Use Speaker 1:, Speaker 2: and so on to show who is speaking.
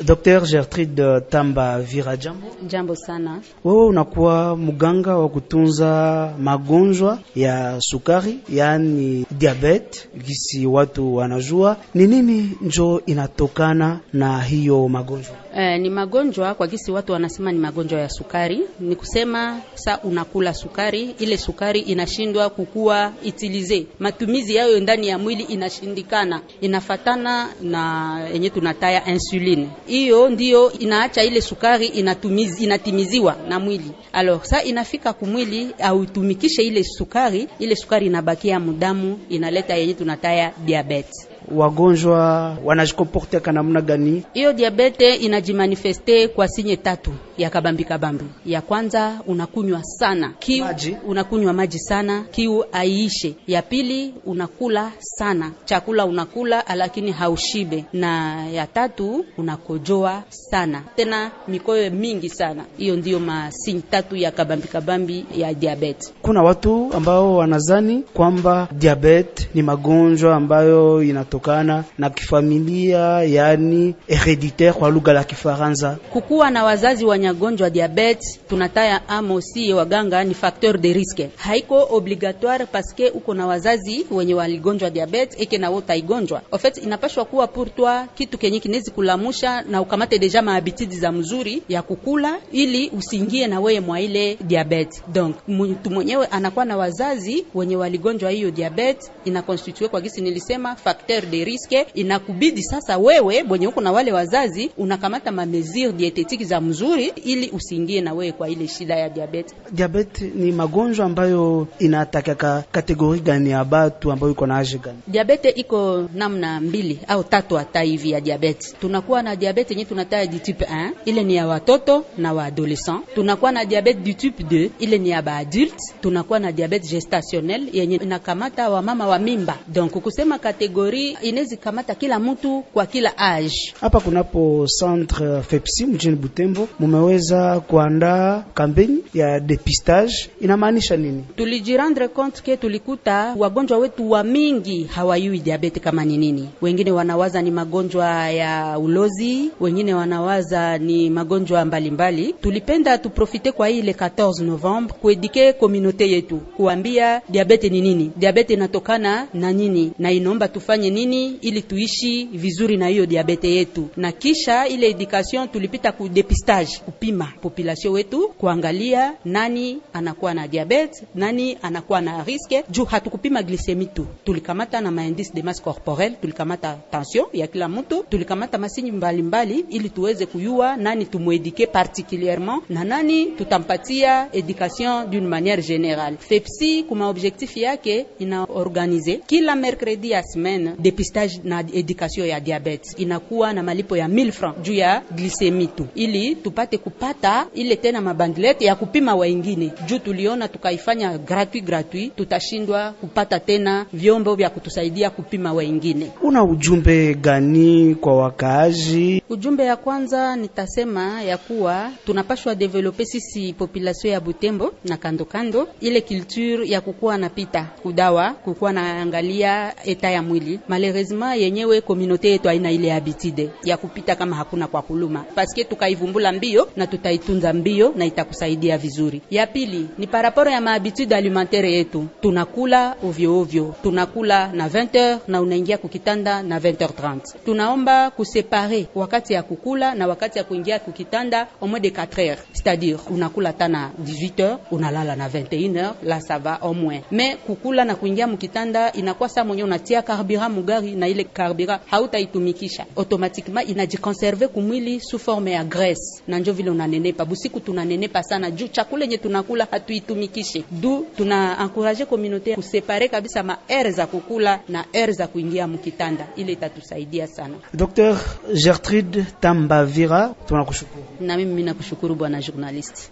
Speaker 1: Dr. Gertrude Tamba Vira, jambo.
Speaker 2: Jambo sana.
Speaker 1: Wewe unakuwa mganga wa kutunza magonjwa ya sukari, yaani diabete, gisi watu wanajua. Ni nini njo inatokana na hiyo magonjwa?
Speaker 2: Eh, ni magonjwa kwa gisi watu wanasema ni magonjwa ya sukari. Ni kusema sa unakula sukari, ile sukari inashindwa kukua itilize, matumizi yayo ndani ya mwili inashindikana, inafatana na yenye tunataya insuline hiyo ndiyo inaacha ile sukari inatumizi, inatimiziwa na mwili. Alors sa inafika kumwili autumikishe ile sukari, ile sukari inabakia mudamu, inaleta yenye tunataya diabetes
Speaker 1: wagonjwa wanajikoporteka namna gani?
Speaker 2: Hiyo diabete inajimanifeste kwa sinye tatu ya kabambi kabambi. Ya kwanza unakunywa sana kiu, maji. unakunywa maji sana kiu aiishe. Ya pili unakula sana chakula, unakula lakini haushibe, na ya tatu unakojoa sana tena mikoyo mingi sana. Hiyo ndiyo masinyi tatu ya kabambi kabambi ya diabete.
Speaker 1: Kuna watu ambao wanazani kwamba diabete ni magonjwa ambayo inatoka kutokana na kifamilia, yani hereditaire kwa lugha la Kifaransa.
Speaker 2: Kukuwa na wazazi wanyagonjwa diabetes, tunataya amosi waganga ni facteur de risque, haiko obligatoire paske uko na wazazi wenye waligonjwa diabetes eke na wota igonjwa en fait, inapashwa kuwa pour toi kitu kenye kinezi kulamusha na ukamate deja mahabitidi za mzuri ya kukula, ili usiingie na weye mwa ile diabetes. Donc mtu mwenyewe anakuwa na wazazi wenye waligonjwa hiyo diabetes, ina kwa gisi nilisema facteur de risque, inakubidi sasa wewe bwenye uko na wale wazazi unakamata mamesure dietetiki za mzuri, ili usiingie na wewe kwa ile shida ya diabete.
Speaker 1: Diabete ni magonjwa ambayo inatakaka kategori gani ya batu ambayo iko na age gani?
Speaker 2: Diabete iko namna mbili au tatu hata hivi ya diabete. Tunakuwa na diabete yenye tunataja di type 1, ile ni ya watoto na wa adolescent. Tunakuwa na diabete du type 2, ile ni ya ba adult. Tunakuwa na diabete gestationnel yenye inakamata wamama wa mimba. Donc kusema kategori inezi kamata kila mtu kwa kila age. Hapa
Speaker 1: kunapo centre FEPSI mjini Butembo mumeweza kuandaa kampeni ya depistage, inamaanisha nini?
Speaker 2: Tulijirendre compte ke tulikuta wagonjwa wetu wa mingi hawayui diabete kama ni nini. Wengine wanawaza ni magonjwa ya ulozi, wengine wanawaza ni magonjwa mbalimbali mbali. Tulipenda tuprofite kwa le 14 Novembre kuedike komunote yetu kuambia diabete ni nini, diabete inatokana na nini na inaomba tufanye nini nini ili tuishi vizuri na hiyo diabete yetu. Na kisha ile education tulipita ku depistage, kupima population wetu, kuangalia nani anakuwa na diabete, nani anakuwa na riske. Juu hatukupima glisemi tu, tulikamata na maindice de masse corporelle, tulikamata tension ya kila mtu, tulikamata masinyi mbalimbali ili tuweze kuyua nani tumwedike particulièrement na nani tutampatia education d'une manière générale. FEPSI kuma objectif yake ina organize kila mercredi ya semaine depistage na education ya diabete inakuwa na malipo ya 1000 francs juu ya glycemie tu, ili tupate kupata ile tena mabandlete ya kupima waingine, juu tuliona tukaifanya gratuit gratuit, tutashindwa kupata tena vyombo vya kutusaidia kupima waingine.
Speaker 1: Una ujumbe gani kwa wakaaji? Ujumbe ya
Speaker 2: kwanza nitasema ya kuwa tunapashwa develope sisi population ya Butembo na kando kando, ile culture ya kukuwa na pita kudawa, kukuwa na angalia eta ya mwili Mali Maleresma yenyewe komunote yetu haina ile habitide ya kupita kama hakuna kwa kuluma, paske tukaivumbula mbio na tutaitunza mbio na itakusaidia vizuri. Ya pili ni paraporo ya maabitude alimentaire yetu, tunakula ovyo ovyo, tunakula na 20h na unaingia kukitanda na 20h30. Tunaomba kusepare wakati ya kukula na wakati ya kuingia kukitanda au moins de 4h, c'est-à-dire unakula tana 18h unalala na 21h, la sava va au moins mais kukula na kuingia mukitanda inakuwa saa mwenye unatia karbira carburant sukari na ile karbira hautaitumikisha automatikma, inajikonserve kumwili su forme ya grese na njo vile unanenepa busiku. Tunanenepa sana juu chakula yenye tunakula hatuitumikishi, du tuna encourager community kusepare kabisa ma air za kukula na air za kuingia mkitanda, ile itatusaidia sana.
Speaker 1: Dr. Gertrude Tambavira, tunakushukuru.
Speaker 2: Na mimi ninakushukuru bwana journalist.